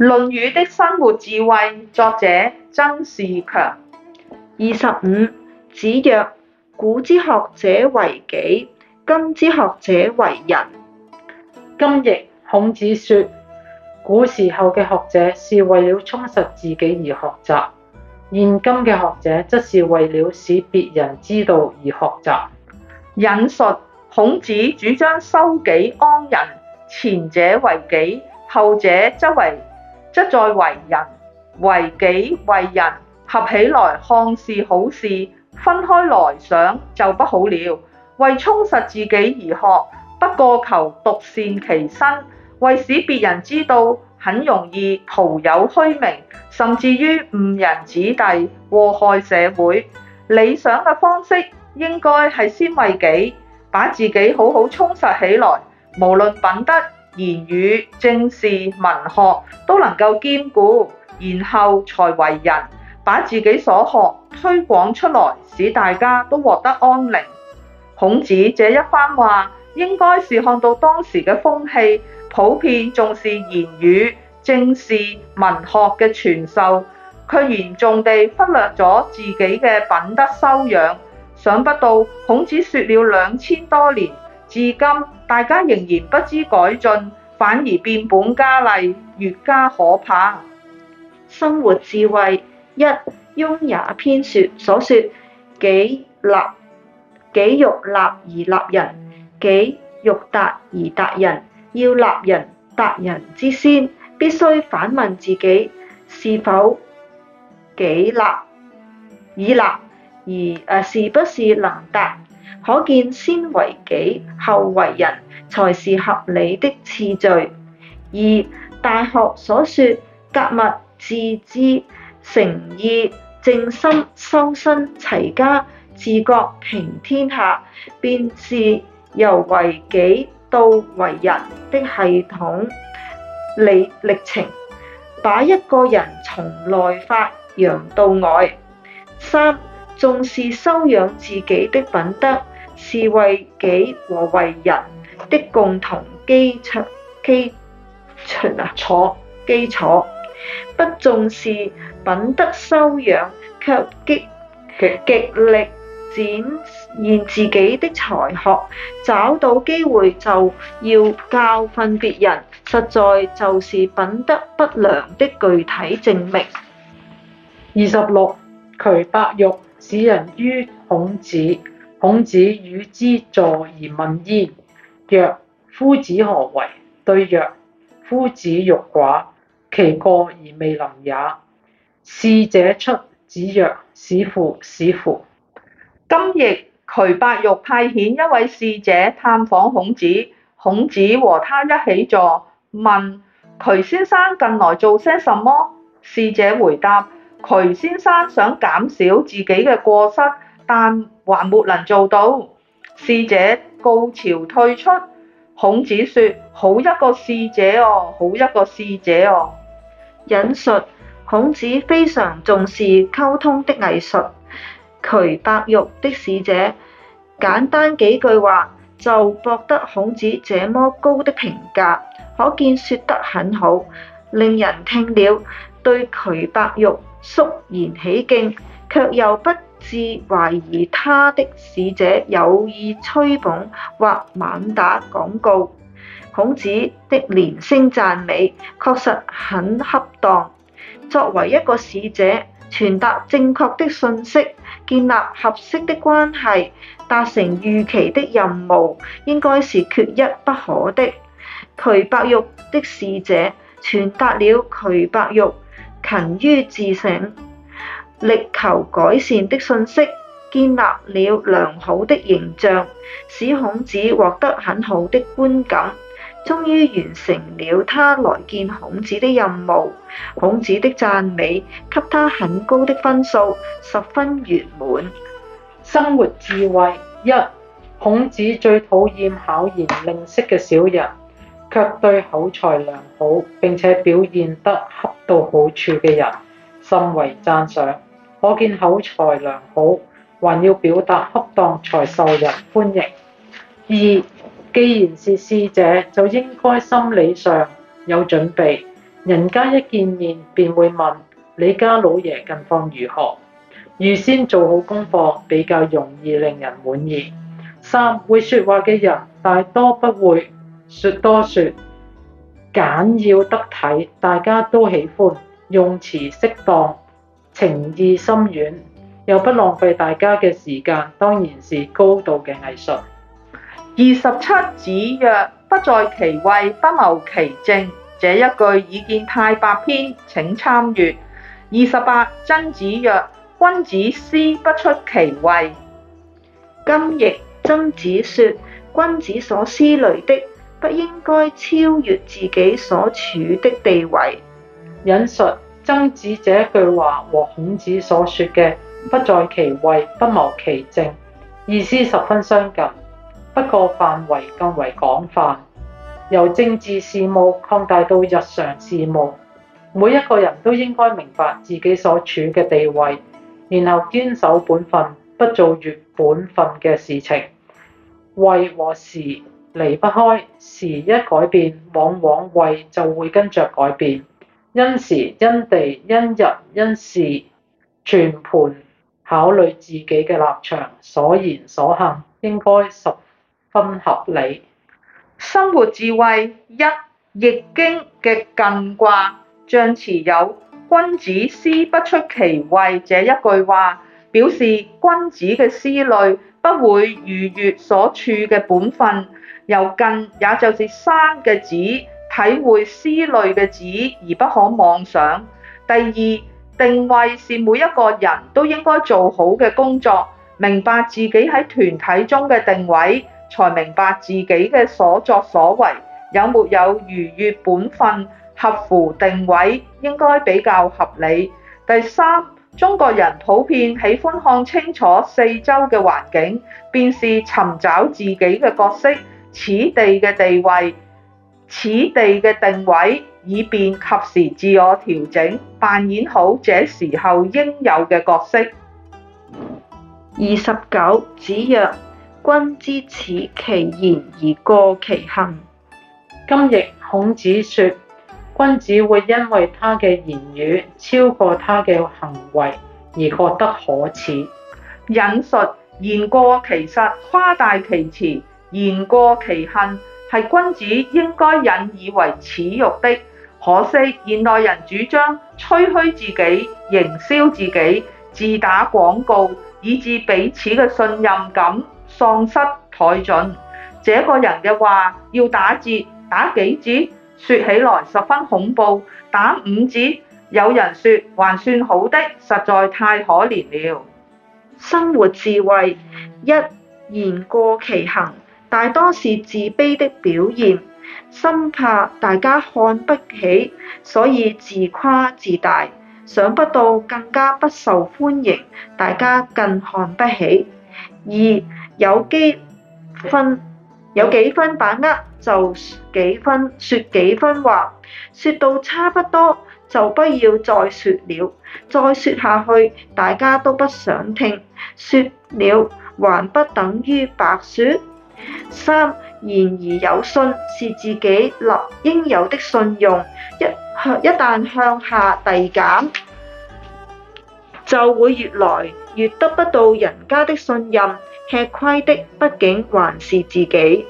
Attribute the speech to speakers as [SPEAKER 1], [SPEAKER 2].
[SPEAKER 1] 《論語》的生活智慧，作者曾仕強。二
[SPEAKER 2] 十五，子曰：古之學者為己，今之學
[SPEAKER 3] 者為人。今譯孔子說，古時候嘅學者是為了充實自己而學習，現今嘅學者則是為了使別人知道而學習。引述孔子
[SPEAKER 1] 主張修己安人，前者為己，後者則為。則在為，人為己為人合起來看是好事，分開來想就不好了。為充實自己而學，不過求獨善其身，為使別人知道，很容易徒有虛名，甚至於誤人子弟、禍害社會。理想嘅方式應該係先為己，把自己好好充實起來，無論品德、言語、政事、文學都能夠兼顧，然後才為人，把自己所學推廣出來，使大家都獲得安寧。孔子這一番話，應該是看到當時嘅風氣普遍，重視言語、政事、文學嘅傳授，卻嚴重地忽略咗自己嘅品德修養。想不到孔子説了兩千多年。至今大家仍然不知改進，反而變本加厲，越加可
[SPEAKER 2] 怕。生活智慧一，雍也篇說所説，己立，己欲立而立人，己欲達而達人。要立人達人之先，必須反問自己是否己立，已立而誒、啊、是不是能達？可見先為己，後為人，才是合理的次序。二、《大學》所說格物、致知、誠意、正心、修身、齊家、治國、平天下，便是由為己到為人的系統理歷程，把一個人從內發揚到外。三重視修養自己的品德，是為己和為人的共同基礎，基礎啊，基礎。不重視品德修養，卻極極力展現自己的才學，找到機會就要教訓別人，實在就是品德不
[SPEAKER 3] 良的具體證明。二十六，蘧伯玉。使人於孔子，孔子與之坐而問焉，曰：夫子何為？對曰：夫子欲寡其過而未能也。侍者出，子曰：使乎！使乎！
[SPEAKER 1] 今亦蘧伯玉派遣一位侍者探訪孔子，孔子和他一起坐，問蘧先生近來做些什麼？侍者回答。渠先生想減少自己嘅過失，但還沒能做到。使者告朝退
[SPEAKER 2] 出。孔子說：好一個使者哦，好一個使者哦。引述孔子非常重視溝通的藝術。渠伯玉的使者簡單幾句話就博得孔子這麼高的評價，可見説得很好，令人聽了對渠伯玉。肅然起敬，卻又不至懷疑他的使者有意吹捧或猛打廣告。孔子的連聲讚美確實很恰當。作為一個使者，傳達正確的信息、建立合適的關係、達成預期的任務，應該是缺一不可的。蘧伯玉的使者傳達了蘧伯玉。勤於自省，力求改善的信息，建立了良好的形象，使孔子獲得很好的觀感，終於完成了他來見孔子的任務。孔子的讚美，給他很高的分數，十分圓
[SPEAKER 3] 滿。生活智慧一，孔子最討厭巧言令色嘅小人。卻對口才良好並且表現得恰到好處嘅人甚為讚賞，可見口才良好還要表達恰當才受人歡迎。二，既然是使者，就應該心理上有準備，人家一見面便會問你家老爺近況如何，預先做好功課比較容易令人滿意。三，會說話嘅人大多不會。說多說簡要得體，大家都喜歡用詞適當、情意深遠，又不浪費大家嘅時間，當然是高度嘅藝術。二十七，
[SPEAKER 1] 子曰：不在其位，不謀其政。這一句已見泰伯篇，請參閱。二十八，曾子曰：君子思不
[SPEAKER 2] 出其位。今譯，曾子說：君子所思
[SPEAKER 3] 慮的。不應該超越自己所處的地位。引述曾子這句話和孔子所說嘅「不在其位，不謀其政」意思十分相近，不過範圍更為廣泛，由政治事務擴大到日常事務。每一個人都應該明白自己所處嘅地位，然後堅守本分，不做越本分嘅事情。位和事。離不開時一改變，往往位就會跟着改變。因時、因地、因人、因事，全盤考慮自己嘅立場、所言所行，應該十分合理。
[SPEAKER 1] 生活智慧一，《易經》嘅艮卦象辭有「君子思不出其位」這一句話，表示君子嘅思慮不會逾越所處嘅本分。由近，也就是生嘅子，體會思慮嘅子，而不可妄想。第二，定位是每一個人都應該做好嘅工作，明白自己喺團體中嘅定位，才明白自己嘅所作所為，有沒有逾越本分，合乎定位，應該比較合理。第三，中國人普遍喜歡看清楚四周嘅環境，便是尋找自己嘅角色。此地嘅地位，此地嘅定位，以便及時自我調整，扮演好這時候應有嘅角色。
[SPEAKER 2] 二十九，子曰：君子恥其言而過
[SPEAKER 3] 其行。今日孔子說，君子會因為他嘅言語超過他嘅行為而覺得可恥。
[SPEAKER 1] 引述言過其實，誇大其詞。言過其恨係君子應該引以為恥辱的。可惜現代人主張吹噓自己、營銷自己、自打廣告，以致彼此嘅信任感喪失殆盡。這個人嘅話要打折打幾折？說起來十分恐怖，打五折。有人說還算好的，實在太可憐了。
[SPEAKER 2] 生活智慧一，言過其行。大多是自卑的表現，心怕大家看不起，所以自誇自大。想不到更加不受歡迎，大家更看不起。二，有幾分有幾分把握，就幾分說幾分話，說到差不多就不要再說了。再說下去大家都不想聽，說了還不等於白説。三言而有信，是自己立應有的信用。一向，一旦向下遞減，就會越來越得不到人家的信任，吃虧的畢竟還是自己。